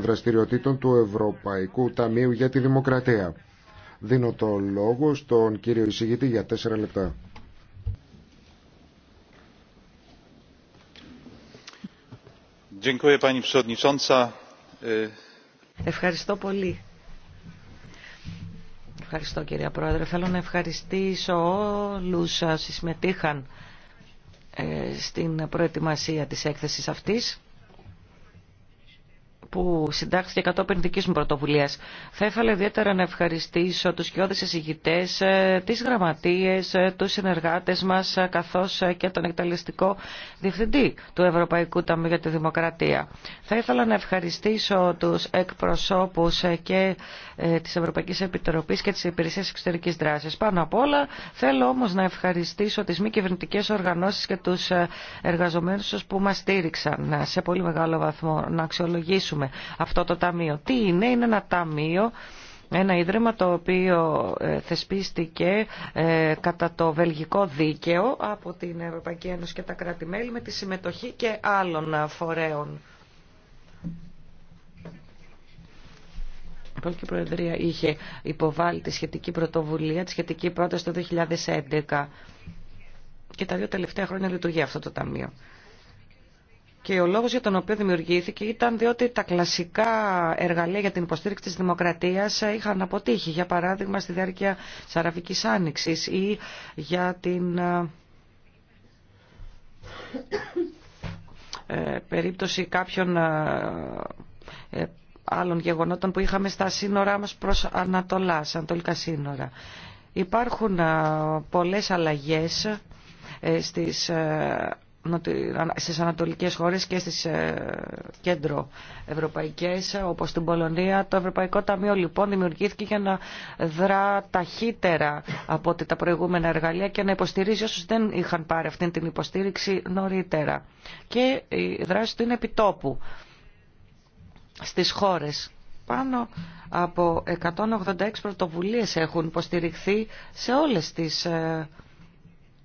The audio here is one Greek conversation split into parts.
δραστηριοτήτων του Ευρωπαϊκού Ταμείου για τη Δημοκρατία. Δίνω το λόγο στον κύριο εισηγητή για τέσσερα λεπτά. E, Ευχαριστώ πολύ. Ευχαριστώ κύριε Πρόεδρε. Θέλω να ευχαριστήσω όλους όσοι συμμετείχαν ε, στην προετοιμασία της έκθεσης αυτής που συντάχθηκε κατόπιν δική μου πρωτοβουλία. Θα ήθελα ιδιαίτερα να ευχαριστήσω τους κοιόδες εισηγητέ, ε, τι γραμματείες, ε, του συνεργάτε μα, ε, καθώ και τον εκτελεστικό διευθυντή του Ευρωπαϊκού Ταμείου για τη Δημοκρατία. Θα ήθελα να ευχαριστήσω του εκπροσώπους και τη Ευρωπαϊκή Επιτροπή και τη Υπηρεσία Εξωτερική δράση. Πάνω απ' όλα θέλω όμω να ευχαριστήσω τι μη κυβερνητικέ οργανώσει και του εργαζομένου που μα στήριξαν σε πολύ μεγάλο βαθμό να αξιολογήσουμε αυτό το ταμείο. Τι είναι, είναι ένα ταμείο ένα ίδρυμα το οποίο ε, θεσπίστηκε ε, κατά το βελγικό δίκαιο από την Ευρωπαϊκή Ένωση και τα κράτη-μέλη με τη συμμετοχή και άλλων ε, φορέων. Η Πολική Προεδρία είχε υποβάλει τη σχετική πρωτοβουλία, τη σχετική πρόταση το 2011 και τα δύο τελευταία χρόνια λειτουργεί αυτό το Ταμείο. Και ο λόγος για τον οποίο δημιουργήθηκε ήταν διότι τα κλασικά εργαλεία για την υποστήριξη της δημοκρατίας είχαν αποτύχει, για παράδειγμα στη διάρκεια της Αραβικής Άνοιξης ή για την ε, ε, περίπτωση κάποιων ε, άλλων γεγονότων που είχαμε στα σύνορά μας προς Ανατολάς, Ανατολικά σύνορα. Υπάρχουν πολλές αλλαγές στις στις ανατολικές χώρες και στις ε, κέντρο ευρωπαϊκές όπως την Πολωνία. Το Ευρωπαϊκό Ταμείο λοιπόν δημιουργήθηκε για να δρά ταχύτερα από τα προηγούμενα εργαλεία και να υποστηρίζει όσους δεν είχαν πάρει αυτή την υποστήριξη νωρίτερα. Και η δράση του είναι επιτόπου στις χώρες. Πάνω από 186 πρωτοβουλίες έχουν υποστηριχθεί σε όλες τις ε,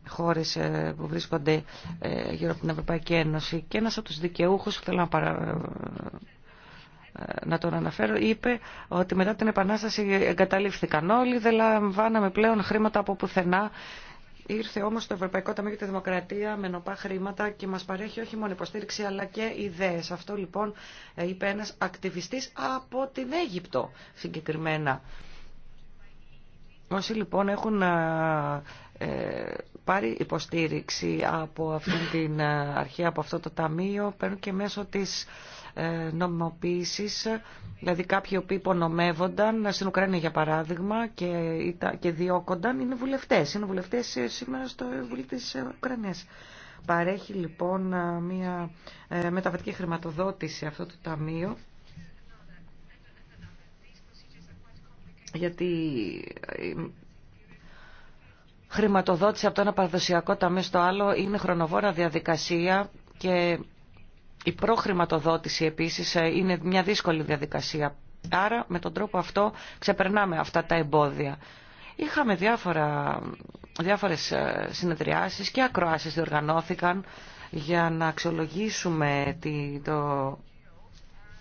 χώρες ε, που βρίσκονται ε, γύρω από την Ευρωπαϊκή Ένωση και ένας από τους δικαιούχους θέλω να, ε, να τον αναφέρω είπε ότι μετά την Επανάσταση εγκαταλείφθηκαν όλοι, δεν λαμβάναμε πλέον χρήματα από πουθενά Ήρθε όμως το Ευρωπαϊκό Ταμείο για τη Δημοκρατία με νοπά χρήματα και μας παρέχει όχι μόνο υποστήριξη αλλά και ιδέες. Αυτό λοιπόν είπε ένα ακτιβιστή από την Αίγυπτο συγκεκριμένα. Όσοι λοιπόν έχουν ε, πάρει υποστήριξη από αυτήν την ε, αρχή, από αυτό το ταμείο, παίρνουν και μέσω της ε, νομιμοποίησης, δηλαδή κάποιοι οποίοι υπονομεύονταν, στην Ουκρανία για παράδειγμα, και, και διώκονταν, είναι βουλευτές. Είναι βουλευτές σήμερα στο Βουλή της Ουκρανίας. Παρέχει λοιπόν μια μεταβατική χρηματοδότηση αυτό το ταμείο, γιατί χρηματοδότηση από το ένα παραδοσιακό ταμείο στο άλλο είναι χρονοβόρα διαδικασία και η προχρηματοδότηση επίσης ε, είναι μια δύσκολη διαδικασία. Άρα με τον τρόπο αυτό ξεπερνάμε αυτά τα εμπόδια. Είχαμε διάφορα, διάφορες ε, συνεδριάσεις και ακροάσεις διοργανώθηκαν για να αξιολογήσουμε το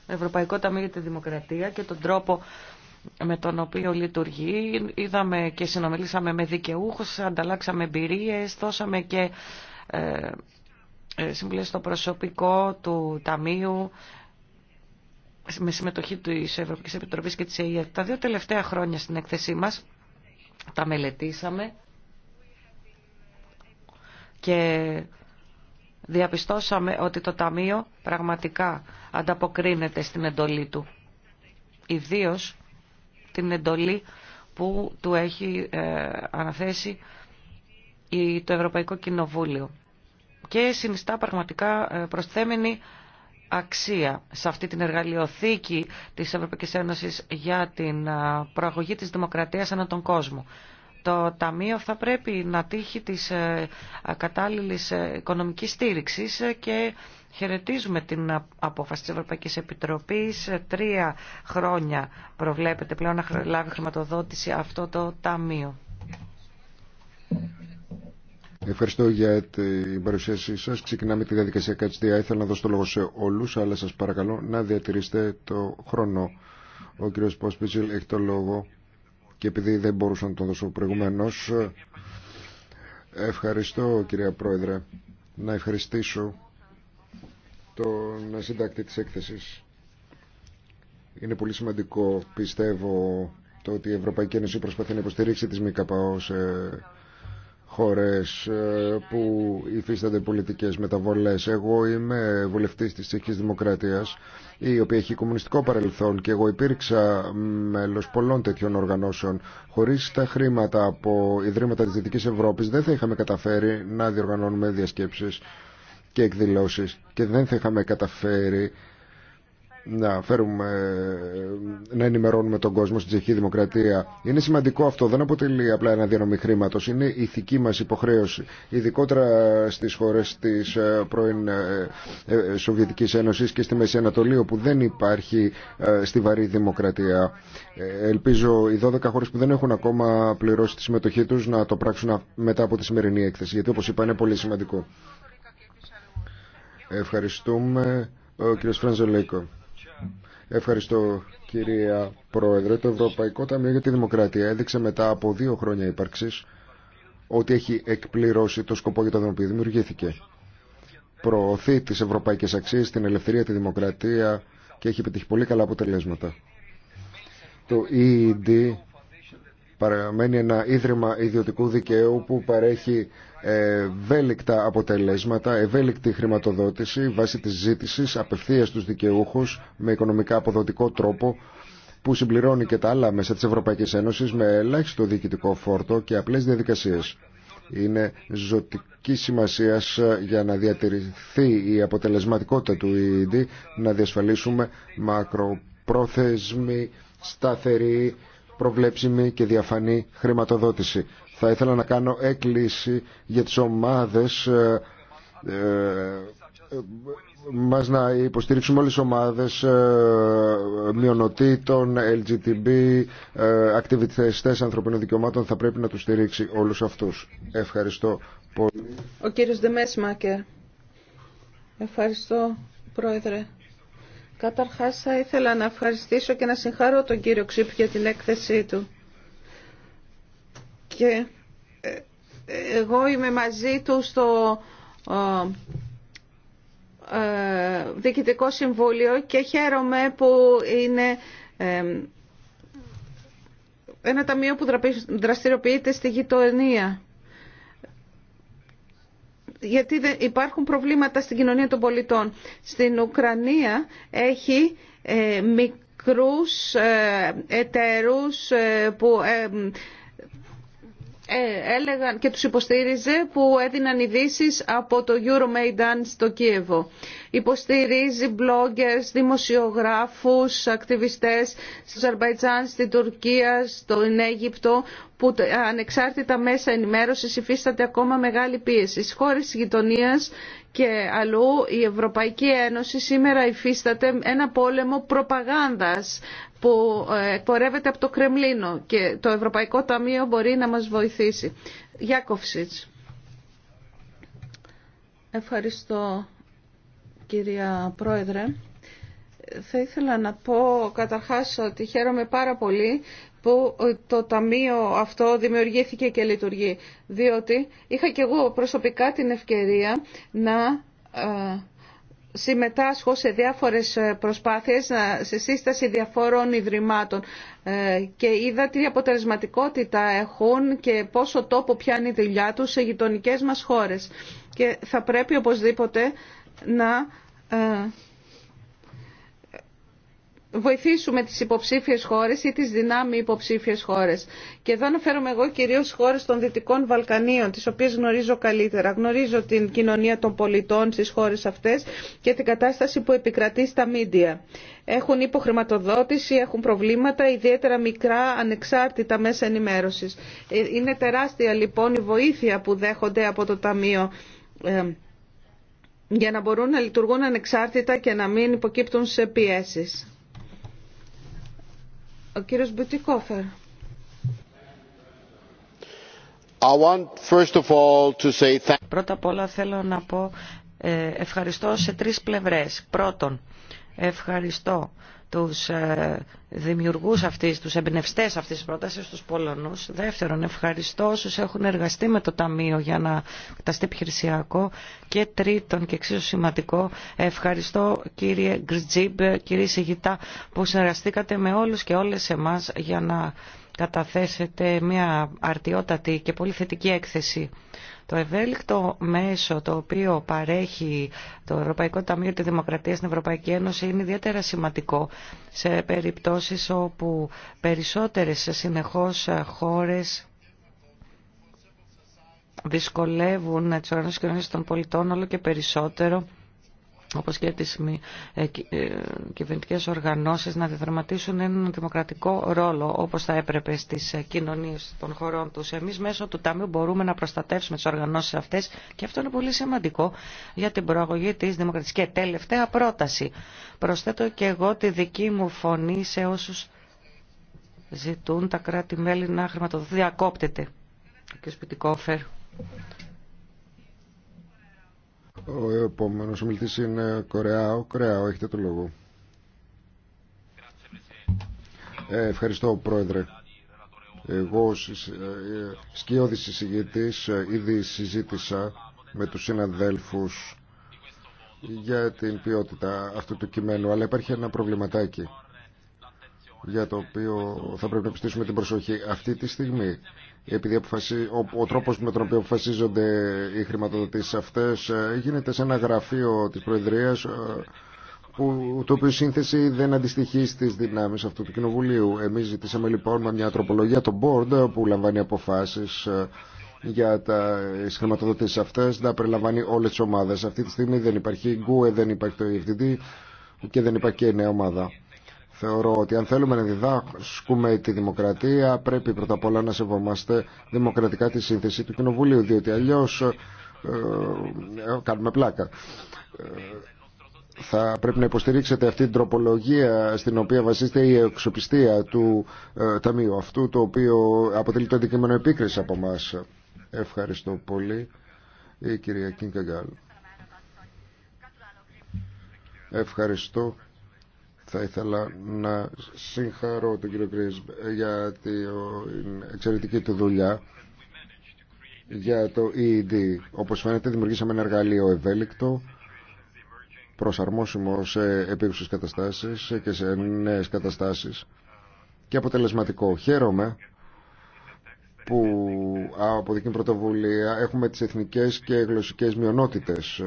Ευρωπαϊκό Ταμείο για τη Δημοκρατία και τον τρόπο με τον οποίο λειτουργεί. Είδαμε και συνομιλήσαμε με δικαιούχους, ανταλλάξαμε εμπειρίες, δώσαμε και ε, ε στο προσωπικό του Ταμείου με συμμετοχή της Ευρωπαϊκής Επιτροπής και της ΕΕ. Τα δύο τελευταία χρόνια στην έκθεσή μας τα μελετήσαμε και διαπιστώσαμε ότι το Ταμείο πραγματικά ανταποκρίνεται στην εντολή του. Ιδίως την εντολή που του έχει ε, αναθέσει το Ευρωπαϊκό Κοινοβούλιο. Και συνιστά πραγματικά ε, προσθέμενη αξία σε αυτή την εργαλειοθήκη της Ευρωπαϊκής Ένωσης για την ε, προαγωγή της δημοκρατίας ανά τον κόσμο το Ταμείο θα πρέπει να τύχει της ε, κατάλληλης ε, οικονομικής στήριξης ε, και χαιρετίζουμε την απόφαση της Ευρωπαϊκής Επιτροπής. Τρία χρόνια προβλέπεται πλέον να λάβει χρηματοδότηση αυτό το Ταμείο. Ευχαριστώ για την παρουσίασή σας. Ξεκινάμε τη διαδικασία ΚΑΤΣΔΙΑ. Ήθελα να δώσω το λόγο σε όλου, αλλά σα παρακαλώ να διατηρήσετε το χρόνο. Ο κύριος Πόσπιτζελ έχει το λόγο και επειδή δεν μπορούσα να τον δώσω προηγουμένω. Ευχαριστώ κυρία Πρόεδρε να ευχαριστήσω τον συντάκτη της έκθεσης. Είναι πολύ σημαντικό πιστεύω το ότι η Ευρωπαϊκή Ένωση προσπαθεί να υποστηρίξει τις ΜΚΑΟ σε χώρες ε, που υφίστανται πολιτικές μεταβολές. Εγώ είμαι βουλευτής της Τσεχικής Δημοκρατίας, η οποία έχει κομμουνιστικό παρελθόν και εγώ υπήρξα μέλος πολλών τέτοιων οργανώσεων. Χωρίς τα χρήματα από Ιδρύματα της Δυτικής Ευρώπης δεν θα είχαμε καταφέρει να διοργανώνουμε διασκέψεις και εκδηλώσεις και δεν θα είχαμε καταφέρει να, φέρουμε, ε, να ενημερώνουμε τον κόσμο στην Τσεχική Δημοκρατία. Είναι σημαντικό αυτό, δεν αποτελεί απλά ένα διανομή χρήματο. Είναι ηθική μα υποχρέωση, ειδικότερα στι χώρε τη ε, πρώην ε, Σοβιετική Ένωση και στη Μέση Ανατολή, όπου δεν υπάρχει στη βαρύ δημοκρατία. Ελπίζω οι 12 χώρε που δεν έχουν ακόμα πληρώσει τη συμμετοχή του να το πράξουν μετά από τη σημερινή έκθεση, γιατί όπω είπα είναι πολύ σημαντικό. Ευχαριστούμε. Ο κύριος Ευχαριστώ κυρία Πρόεδρε. Το Ευρωπαϊκό Ταμείο για τη Δημοκρατία έδειξε μετά από δύο χρόνια ύπαρξης ότι έχει εκπληρώσει το σκοπό για τον οποίο δημιουργήθηκε. Προωθεί τις ευρωπαϊκές αξίες, την ελευθερία, τη δημοκρατία και έχει πετύχει πολύ καλά αποτελέσματα. Το EED παραμένει ένα ίδρυμα ιδιωτικού δικαίου που παρέχει ευέλικτα αποτελέσματα, ευέλικτη χρηματοδότηση βάσει της ζήτησης απευθείας τους δικαιούχους με οικονομικά αποδοτικό τρόπο που συμπληρώνει και τα άλλα μέσα της Ευρωπαϊκής Ένωσης με ελάχιστο διοικητικό φόρτο και απλές διαδικασίες. Είναι ζωτική σημασία για να διατηρηθεί η αποτελεσματικότητα του ΙΕΔ, να διασφαλίσουμε μακροπρόθεσμη, σταθερή, προβλέψιμη και διαφανή χρηματοδότηση. Θα ήθελα να κάνω έκκληση για τις ομάδες ε, ε μας να υποστήριξουμε όλες τις ομάδες ε, μειονοτήτων, LGTB, ε, ανθρωπίνων δικαιωμάτων θα πρέπει να τους στηρίξει όλους αυτούς. Ευχαριστώ πολύ. Ο κύριος Δεμέσμακερ. Ευχαριστώ πρόεδρε. Καταρχάς θα ήθελα να ευχαριστήσω και να συγχαρώ τον κύριο Ξύπ για την έκθεσή του και ε, εγώ είμαι μαζί του στο ε, ε, Διοικητικό Συμβούλιο και χαίρομαι που είναι ένα ταμείο που δραστηριοποιείται στη γειτονία. Γιατί υπάρχουν προβλήματα στην κοινωνία των πολιτών. Στην Ουκρανία έχει μικρούς εταίρους που ε, έλεγαν και τους υποστήριζε που έδιναν ειδήσει από το Euromaidan στο Κίεβο. Υποστηρίζει bloggers, δημοσιογράφους, ακτιβιστές στο Αρμπαϊτζάν, στην Τουρκία, στην Αίγυπτο που ανεξάρτητα μέσα ενημέρωσης υφίσταται ακόμα μεγάλη πίεση. Στις χώρες γειτονίας και αλλού η Ευρωπαϊκή Ένωση σήμερα υφίσταται ένα πόλεμο προπαγάνδας που ε, εκπορεύεται από το Κρεμλίνο και το Ευρωπαϊκό Ταμείο μπορεί να μας βοηθήσει. Γιάκοφσιτς. Ευχαριστώ κυρία Πρόεδρε. Θα ήθελα να πω καταρχάς ότι χαίρομαι πάρα πολύ που ε, το ταμείο αυτό δημιουργήθηκε και λειτουργεί. Διότι είχα και εγώ προσωπικά την ευκαιρία να ε, συμμετάσχω σε διάφορες ε, προσπάθειες σε σύσταση διαφόρων ιδρυμάτων και είδα τι αποτελεσματικότητα έχουν και πόσο τόπο πιάνει η δουλειά τους σε γειτονικές μας χώρες. Και θα πρέπει οπωσδήποτε να βοηθήσουμε τις υποψήφιες χώρες ή τις δυνάμει υποψήφιες χώρες. Και εδώ αναφέρομαι εγώ κυρίως χώρες των Δυτικών Βαλκανίων, τις οποίες γνωρίζω καλύτερα. Γνωρίζω την κοινωνία των πολιτών στις χώρες αυτές και την κατάσταση που επικρατεί στα μίντια. Έχουν υποχρηματοδότηση, έχουν προβλήματα, ιδιαίτερα μικρά, ανεξάρτητα μέσα ενημέρωσης. Ε, είναι τεράστια λοιπόν η βοήθεια που δέχονται από το Ταμείο ε, για να μπορούν να λειτουργούν ανεξάρτητα και να μην υποκύπτουν σε πιέσεις. Ο κύριος Μπουτικόφερ. I Πρώτα απ' όλα θέλω να πω ε, ευχαριστώ σε τρεις πλευρές. Πρώτον, ευχαριστώ τους ε, δημιουργούς αυτής, τους εμπνευστέ αυτής της πρότασης, τους Πολωνούς. Δεύτερον, ευχαριστώ όσους έχουν εργαστεί με το Ταμείο για να καταστεί επιχειρησιακό. Και τρίτον, και εξίσου σημαντικό, ευχαριστώ κύριε Γκριτζίμπ, κύριε Σιγητά, που συνεργαστήκατε με όλους και όλες εμάς για να καταθέσετε μια αρτιότατη και πολύ θετική έκθεση. Το ευέλικτο μέσο το οποίο παρέχει το Ευρωπαϊκό Ταμείο τη Δημοκρατία στην Ευρωπαϊκή Ένωση είναι ιδιαίτερα σημαντικό σε περιπτώσεις όπου περισσότερες συνεχώς χώρες δυσκολεύουν τις οργανώσεις τον των πολιτών όλο και περισσότερο όπως και τις μη ε, ε, κυβερνητικές οργανώσεις να διδραματίσουν έναν δημοκρατικό ρόλο όπως θα έπρεπε στις ε, κοινωνίες των χωρών τους. Εμείς μέσω του Ταμείου μπορούμε να προστατεύσουμε τις οργανώσεις αυτές και αυτό είναι πολύ σημαντικό για την προαγωγή της δημοκρατικής Και τελευταία πρόταση. Προσθέτω και εγώ τη δική μου φωνή σε όσους ζητούν τα κράτη-μέλη να χρηματοδοθούν. Διακόπτεται. Ο επόμενος ομιλητής είναι Κορεάο. Κορεάο, έχετε το λόγο. Ε, ευχαριστώ, Πρόεδρε. Εγώ ε, ε, σκιώδης συζητητής ε, ήδη συζήτησα με τους συναδέλφους για την ποιότητα αυτού του κειμένου, αλλά υπάρχει ένα προβληματάκι για το οποίο θα πρέπει να πιστήσουμε την προσοχή αυτή τη στιγμή επειδή ο, ο τρόπος με τον οποίο αποφασίζονται οι χρηματοδοτήσεις αυτές ε, γίνεται σε ένα γραφείο της Προεδρίας ε, το οποίο σύνθεση δεν αντιστοιχεί στις δυνάμεις αυτού του Κοινοβουλίου. Εμείς ζητήσαμε λοιπόν με μια τροπολογία το board ε, που λαμβάνει αποφάσεις για τα χρηματοδοτήσεις αυτές να περιλαμβάνει όλες τις ομάδες. Αυτή τη στιγμή δεν υπάρχει η γκουε, e, δεν υπάρχει το EFTD και δεν υπάρχει και η νέα ομάδα. Θεωρώ ότι αν θέλουμε να διδάσκουμε τη δημοκρατία πρέπει πρώτα απ' όλα να σεβόμαστε δημοκρατικά τη σύνθεση του Κοινοβουλίου διότι αλλιώς ε, ε, κάνουμε πλάκα. Ε, θα πρέπει να υποστηρίξετε αυτή την τροπολογία στην οποία βασίζεται η εξοπιστία του Ταμείου αυτού το οποίο αποτελεί το αντικείμενο επίκριση από εμά. Ευχαριστώ πολύ η κυρία Κίνκαγκάλ. Ευχαριστώ. Θα ήθελα να συγχαρώ τον κύριο Κρίσ για την εξαιρετική του δουλειά για το EED. Όπως φαίνεται δημιουργήσαμε ένα εργαλείο ευέλικτο, προσαρμόσιμο σε επίγουσες καταστάσεις και σε νέες καταστάσεις και αποτελεσματικό. Χαίρομαι που από δική πρωτοβουλία έχουμε τις εθνικές και γλωσσικές μειονότητες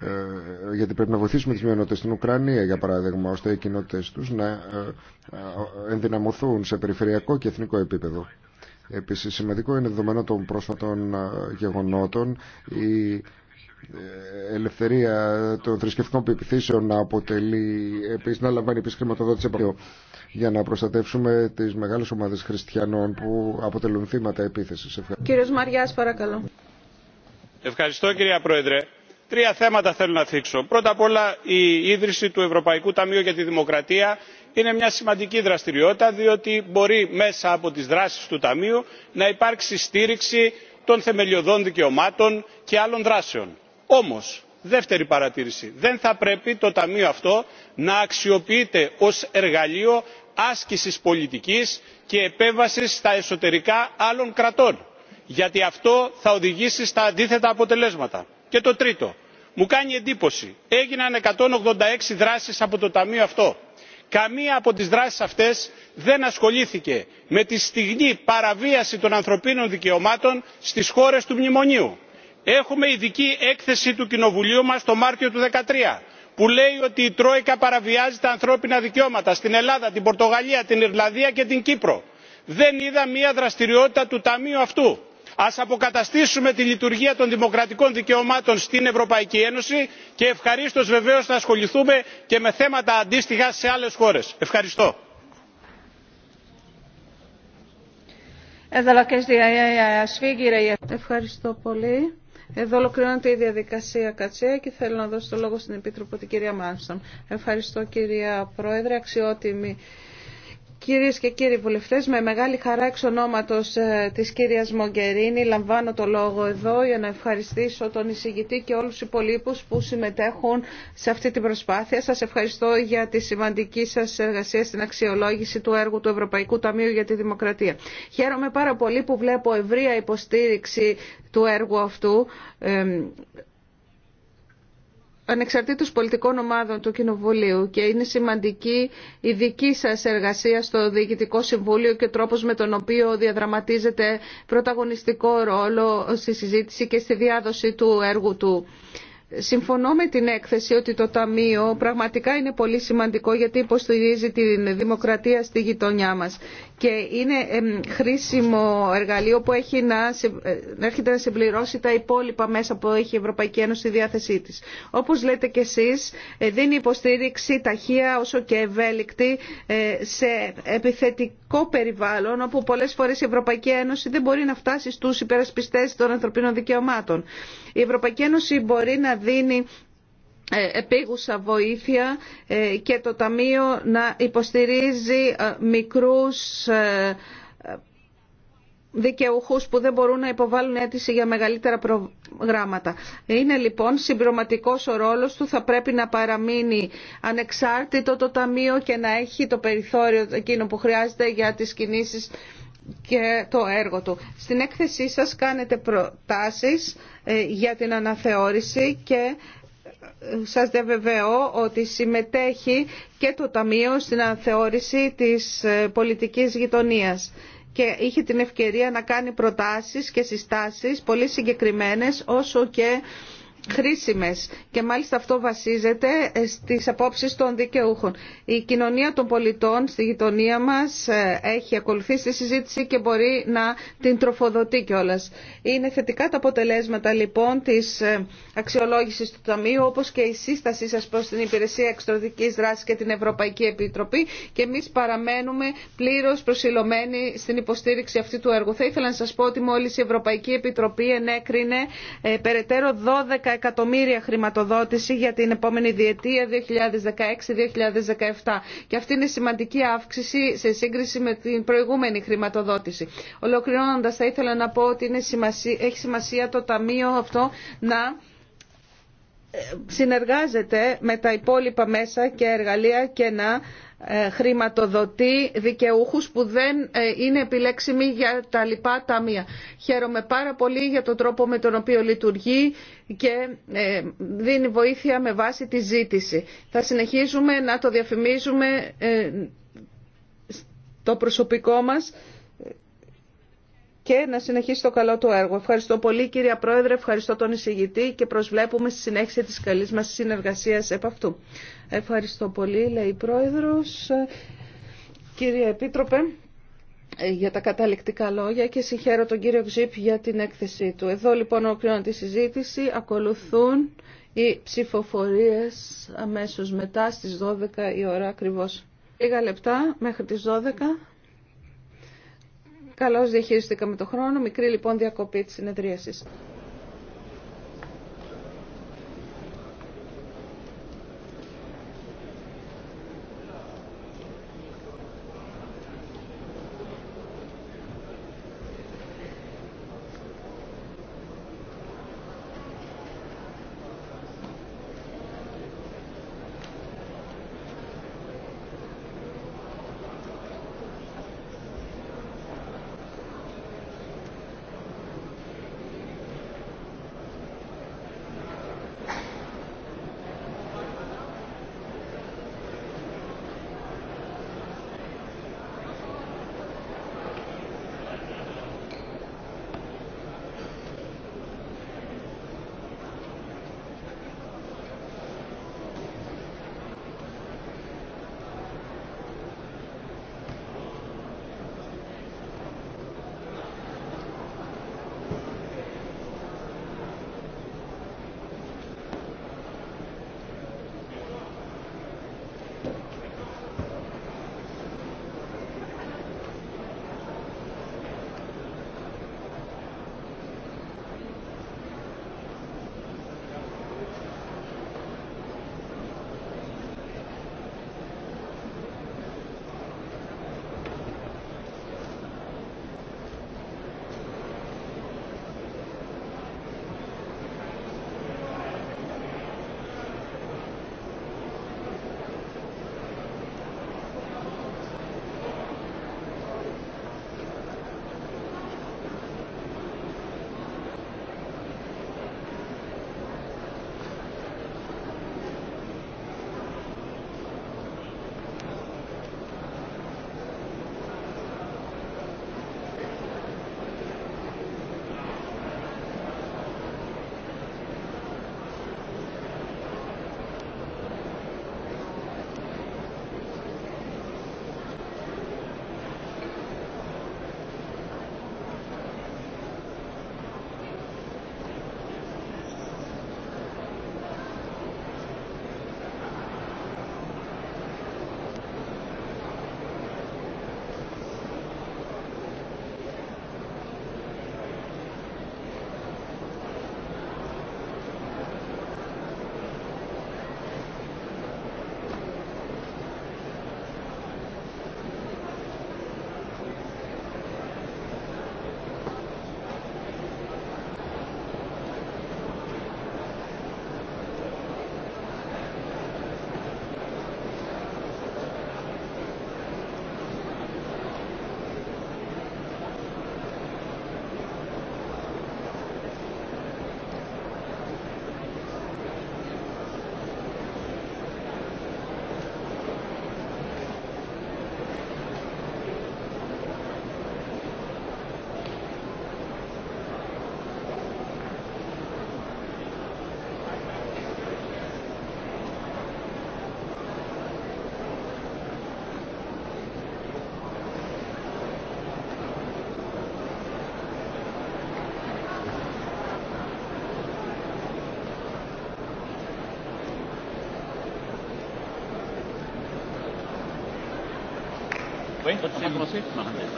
ε, γιατί πρέπει να βοηθήσουμε τις μειονότητες στην Ουκρανία για παράδειγμα ώστε οι κοινότητες τους να ε, ε, ενδυναμωθούν σε περιφερειακό και εθνικό επίπεδο. Επίσης σημαντικό είναι δεδομένο των πρόσφατων γεγονότων η ελευθερία των θρησκευτικών πεπιθήσεων να αποτελεί επίσης να λαμβάνει επίσης χρηματοδότηση για να προστατεύσουμε τις μεγάλες ομάδες χριστιανών που αποτελούν θύματα επίθεσης. Ευχαριστώ. Κύριος Μαριάς παρακαλώ. Ευχαριστώ κυρία Πρόεδρε τρία θέματα θέλω να θίξω. πρώτα απ' όλα η ίδρυση του ευρωπαϊκού ταμείου για τη δημοκρατία είναι μια σημαντική δραστηριότητα διότι μπορεί μέσα από τις δράσεις του ταμείου να υπάρξει στήριξη των θεμελιωδών δικαιωμάτων και άλλων δράσεων. όμως δεύτερη παρατήρηση δεν θα πρέπει το ταμείο αυτό να αξιοποιείται ως εργαλείο άσκησης πολιτικής και επέμβασης στα εσωτερικά άλλων κρατών γιατί αυτό θα οδηγήσει στα αντίθετα αποτελέσματα. και το τρίτο μου κάνει εντύπωση έγιναν 186 δράσεις από το ταμείο αυτό. Καμία από τις δράσεις αυτές δεν ασχολήθηκε με τη στιγμή παραβίαση των ανθρωπίνων δικαιωμάτων στις χώρες του Μνημονίου. Έχουμε ειδική έκθεση του Κοινοβουλίου μας το Μάρτιο του 2013 που λέει ότι η Τρόικα παραβιάζει τα ανθρώπινα δικαιώματα στην Ελλάδα, την Πορτογαλία, την Ιρλανδία και την Κύπρο. Δεν είδα μία δραστηριότητα του Ταμείου αυτού ας αποκαταστήσουμε τη λειτουργία των δημοκρατικών δικαιωμάτων στην ευρωπαϊκή ένωση και ευχαρίστως βεβαίως να ασχοληθούμε και με θέματα αντίστοιχα σε άλλες χώρες. ευχαριστώ. Ευχαριστώ πολύ. Εδώ ολοκληρώνεται η διαδικασία Κατσέα και θέλω να δώσω το λόγο στην Επίτροπο την κυρία Μάνσον. Ευχαριστώ κυρία Πρόεδρε, αξιότιμη Κυρίες και κύριοι βουλευτές, με μεγάλη χαρά εξ ονόματος ε, της κυρίας Μογκερίνη λαμβάνω το λόγο εδώ για να ευχαριστήσω τον εισηγητή και όλους τους υπολείπους που συμμετέχουν σε αυτή την προσπάθεια. Σας ευχαριστώ για τη σημαντική σας εργασία στην αξιολόγηση του έργου του Ευρωπαϊκού Ταμείου για τη Δημοκρατία. Χαίρομαι πάρα πολύ που βλέπω ευρεία υποστήριξη του έργου αυτού ε, ανεξαρτήτως πολιτικών ομάδων του Κοινοβουλίου και είναι σημαντική η δική σας εργασία στο Διοικητικό Συμβούλιο και τρόπος με τον οποίο διαδραματίζεται πρωταγωνιστικό ρόλο στη συζήτηση και στη διάδοση του έργου του. Συμφωνώ με την έκθεση ότι το Ταμείο πραγματικά είναι πολύ σημαντικό γιατί υποστηρίζει τη δημοκρατία στη γειτονιά μας και είναι χρήσιμο εργαλείο που έχει ε, να, έρχεται να συμπληρώσει τα υπόλοιπα μέσα που έχει η Ευρωπαϊκή Ένωση στη διάθεσή της. Όπως λέτε και εσείς, ε, δίνει υποστήριξη ταχεία όσο και ευέλικτη ε, σε επιθετικό περιβάλλον όπου πολλές φορές η Ευρωπαϊκή Ένωση δεν μπορεί να φτάσει στους υπερασπιστές των ανθρωπίνων δικαιωμάτων. Η Ευρωπαϊκή Ένωση μπορεί να δίνει ε, επίγουσα βοήθεια ε, και το Ταμείο να υποστηρίζει ε, μικρούς δικαιούχους που δεν μπορούν να υποβάλουν αίτηση για μεγαλύτερα προγράμματα. Είναι λοιπόν συμπρωματικός ο ρόλος του, θα πρέπει να παραμείνει ανεξάρτητο το Ταμείο και να έχει το περιθώριο εκείνο που χρειάζεται για τις κινήσεις και το έργο του. Στην έκθεσή σας κάνετε προτάσεις για την αναθεώρηση και σας διαβεβαιώ ότι συμμετέχει και το Ταμείο στην αναθεώρηση της ε, πολιτικής γειτονίας και είχε την ευκαιρία να κάνει προτάσεις και συστάσεις πολύ συγκεκριμένες όσο και χρήσιμες και μάλιστα αυτό βασίζεται ε, στις απόψεις των δικαιούχων. Η κοινωνία των πολιτών στη γειτονία μας ε, έχει ακολουθήσει τη συζήτηση και μπορεί να την τροφοδοτεί κιόλα. Είναι θετικά τα αποτελέσματα λοιπόν της ε, αξιολόγησης του Ταμείου όπως και η σύστασή σας προς την Υπηρεσία Εξωτερικής Δράσης και την Ευρωπαϊκή Επιτροπή και εμείς παραμένουμε πλήρως προσιλωμένοι στην υποστήριξη αυτή του έργου. Θα ήθελα να σας πω ότι μόλις η Ευρωπαϊκή Επιτροπή ενέκρινε περαιτέρω 12 εκατομμύρια χρηματοδότηση για την επόμενη διετία 2016-2017 και αυτή είναι σημαντική αύξηση σε σύγκριση με την προηγούμενη χρηματοδότηση. Ολοκληρώνοντας θα ήθελα να πω ότι έχει σημασία το Ταμείο αυτό να ε, συνεργάζεται με τα υπόλοιπα μέσα και εργαλεία και να ε, χρηματοδοτεί δικαιούχους που δεν ε, είναι επιλέξιμοι για τα λοιπά ταμεία. Χαίρομαι πάρα πολύ για τον τρόπο με τον οποίο λειτουργεί και ε, δίνει βοήθεια με βάση τη ζήτηση. Θα συνεχίζουμε να το διαφημίζουμε το προσωπικό μας και να συνεχίσει το καλό του έργο. Ευχαριστώ πολύ κυρία Πρόεδρε, ευχαριστώ τον εισηγητή και προσβλέπουμε στη συνέχεια της καλής μας συνεργασίας επ' αυτού. Ευχαριστώ πολύ, λέει η Πρόεδρος. Κύριε Επίτροπε, ε, για τα καταληκτικά λόγια και συγχαίρω τον κύριο Ξύπ για την έκθεσή του. Εδώ λοιπόν ολοκληρώνω τη συζήτηση. Ακολουθούν οι ψηφοφορίες αμέσως μετά στις 12 η ώρα ακριβώς. Λίγα λεπτά μέχρι τις 12. Καλώς διαχειριστήκαμε το χρόνο. Μικρή λοιπόν διακοπή της συνεδρίασης.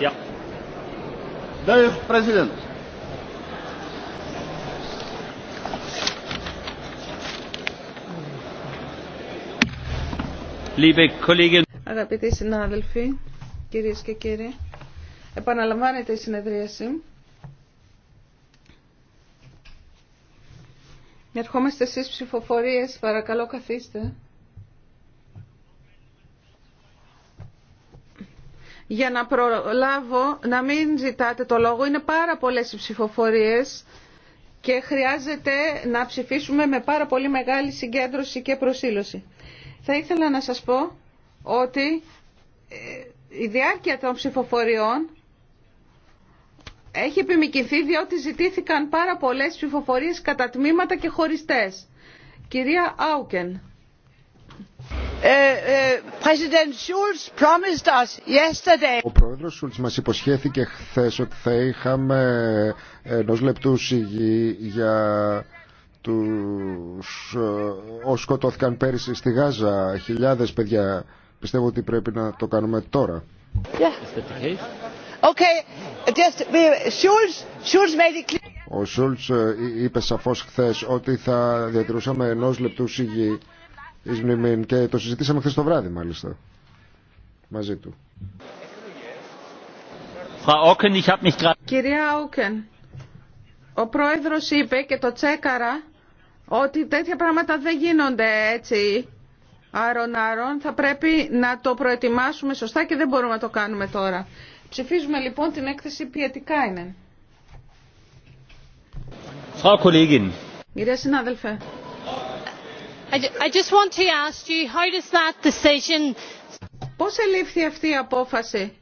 Ja. Αγαπητοί συνάδελφοι, κυρίες και κύριοι, επαναλαμβάνεται η συνεδρίαση. Ερχόμαστε στις ψηφοφορίες, παρακαλώ καθίστε. για να προλάβω να μην ζητάτε το λόγο. Είναι πάρα πολλές οι ψηφοφορίες και χρειάζεται να ψηφίσουμε με πάρα πολύ μεγάλη συγκέντρωση και προσήλωση. Θα ήθελα να σας πω ότι ε, η διάρκεια των ψηφοφοριών έχει επιμηκυνθεί διότι ζητήθηκαν πάρα πολλές ψηφοφορίες κατά τμήματα και χωριστές. Κυρία Άουκεν. Ε, ε, Ο πρόεδρος Σούλτς μας υποσχέθηκε χθες ότι θα είχαμε ενός λεπτού σιγή για τους ε, όσους σκοτώθηκαν πέρυσι στη Γάζα χιλιάδες παιδιά. Πιστεύω ότι πρέπει να το κάνουμε τώρα. Ο Σούλτς είπε σαφώς χθες ότι θα διατηρούσαμε ενός λεπτού σιγή και το συζητήσαμε χθε το βράδυ μάλιστα μαζί του. Κυρία Όκεν, ο πρόεδρος είπε και το τσέκαρα ότι τέτοια πράγματα δεν γίνονται έτσι άρον-άρον. Θα πρέπει να το προετοιμάσουμε σωστά και δεν μπορούμε να το κάνουμε τώρα. Ψηφίζουμε λοιπόν την έκθεση ποιετικά είναι. Κυρία συνάδελφε. I Πώς ελήφθη αυτή η απόφαση.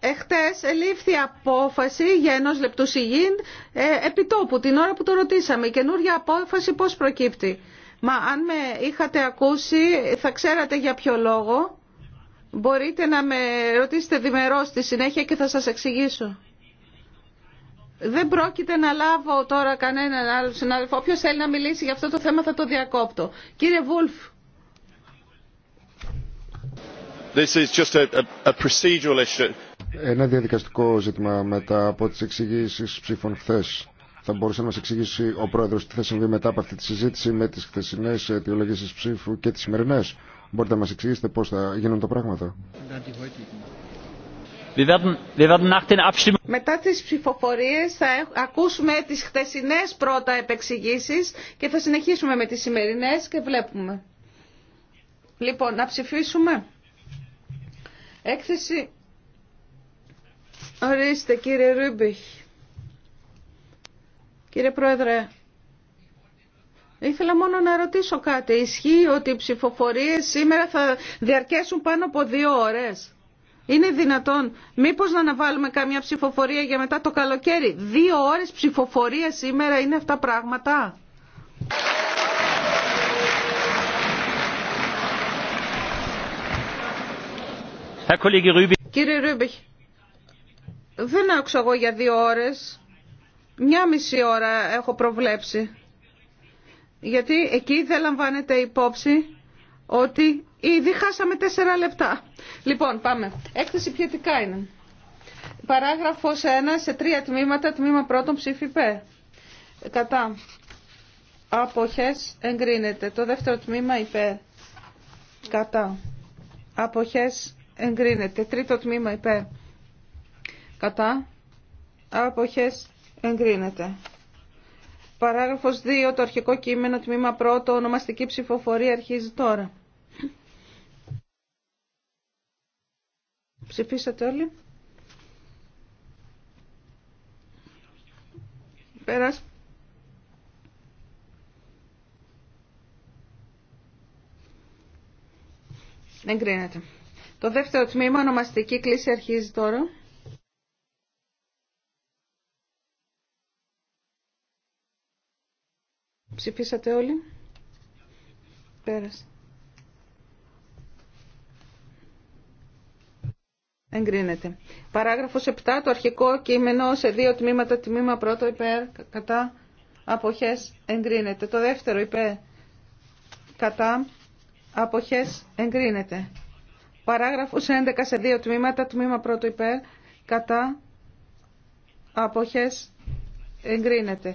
Εχθές ελήφθη απόφαση για ενός λεπτού σιγήν ε, επιτόπου την ώρα που το ρωτήσαμε. Η καινούργια απόφαση πώς προκύπτει. Μα αν με είχατε ακούσει θα ξέρατε για ποιο λόγο. Μπορείτε να με ρωτήσετε διμερώς στη συνέχεια και θα σας εξηγήσω. Δεν πρόκειται να λάβω τώρα κανέναν άλλο συνάδελφο. Όποιο θέλει να μιλήσει για αυτό το θέμα θα το διακόπτω. Κύριε Βούλφ. This is just a, a procedural issue. Ένα διαδικαστικό ζήτημα μετά από τις εξηγήσεις ψήφων χθε. Θα μπορούσε να μας εξηγήσει ο Πρόεδρος τι θα συμβεί μετά από αυτή τη συζήτηση με τις χθεσινές αιτιολογήσεις ψήφου και τις σημερινές. Μπορείτε να μας εξηγήσετε πώς θα γίνουν τα πράγματα. Μετά τις ψηφοφορίες θα ακούσουμε τις χτεσινές πρώτα επεξηγήσεις και θα συνεχίσουμε με τις σημερινές και βλέπουμε. Λοιπόν, να ψηφίσουμε. Έκθεση. Ορίστε κύριε Ρούμπιχ. Κύριε Πρόεδρε, ήθελα μόνο να ρωτήσω κάτι. Ισχύει ότι οι ψηφοφορίες σήμερα θα διαρκέσουν πάνω από δύο ώρες. Είναι δυνατόν μήπως να αναβάλουμε καμία ψηφοφορία για μετά το καλοκαίρι. Δύο ώρες ψηφοφορία σήμερα είναι αυτά πράγματα. Κύριε Ρούμπιχ, δεν άκουσα εγώ για δύο ώρες. Μια μισή ώρα έχω προβλέψει. Γιατί εκεί δεν λαμβάνεται υπόψη ότι Ήδη χάσαμε τέσσερα λεπτά. Λοιπόν, πάμε. Έκθεση ποιοτικά είναι. Παράγραφο 1 σε τρία τμήματα. Τμήμα πρώτον ψήφι π. Κατά. Αποχέ εγκρίνεται. Το δεύτερο τμήμα υπέρ. Κατά. Αποχέ εγκρίνεται. Τρίτο τμήμα υπέρ. Κατά. Αποχέ εγκρίνεται. Παράγραφος 2. Το αρχικό κείμενο τμήμα 1, Ονομαστική ψηφοφορία αρχίζει τώρα. Ψηφίσατε όλοι. Πέρας. Εγκρίνεται. Το δεύτερο τμήμα, ονομαστική κλίση, αρχίζει τώρα. Ψηφίσατε όλοι. Πέρασε. Εγκρίνεται. Παράγραφος 7. Το αρχικό κείμενο σε δύο τμήματα. Τμήμα πρώτο υπέρ κατά αποχές εγκρίνεται. Το δεύτερο υπέρ κατά αποχές εγκρίνεται. Παράγραφος 11 σε δύο τμήματα. Τμήμα πρώτο υπέρ κατά αποχές εγκρίνεται.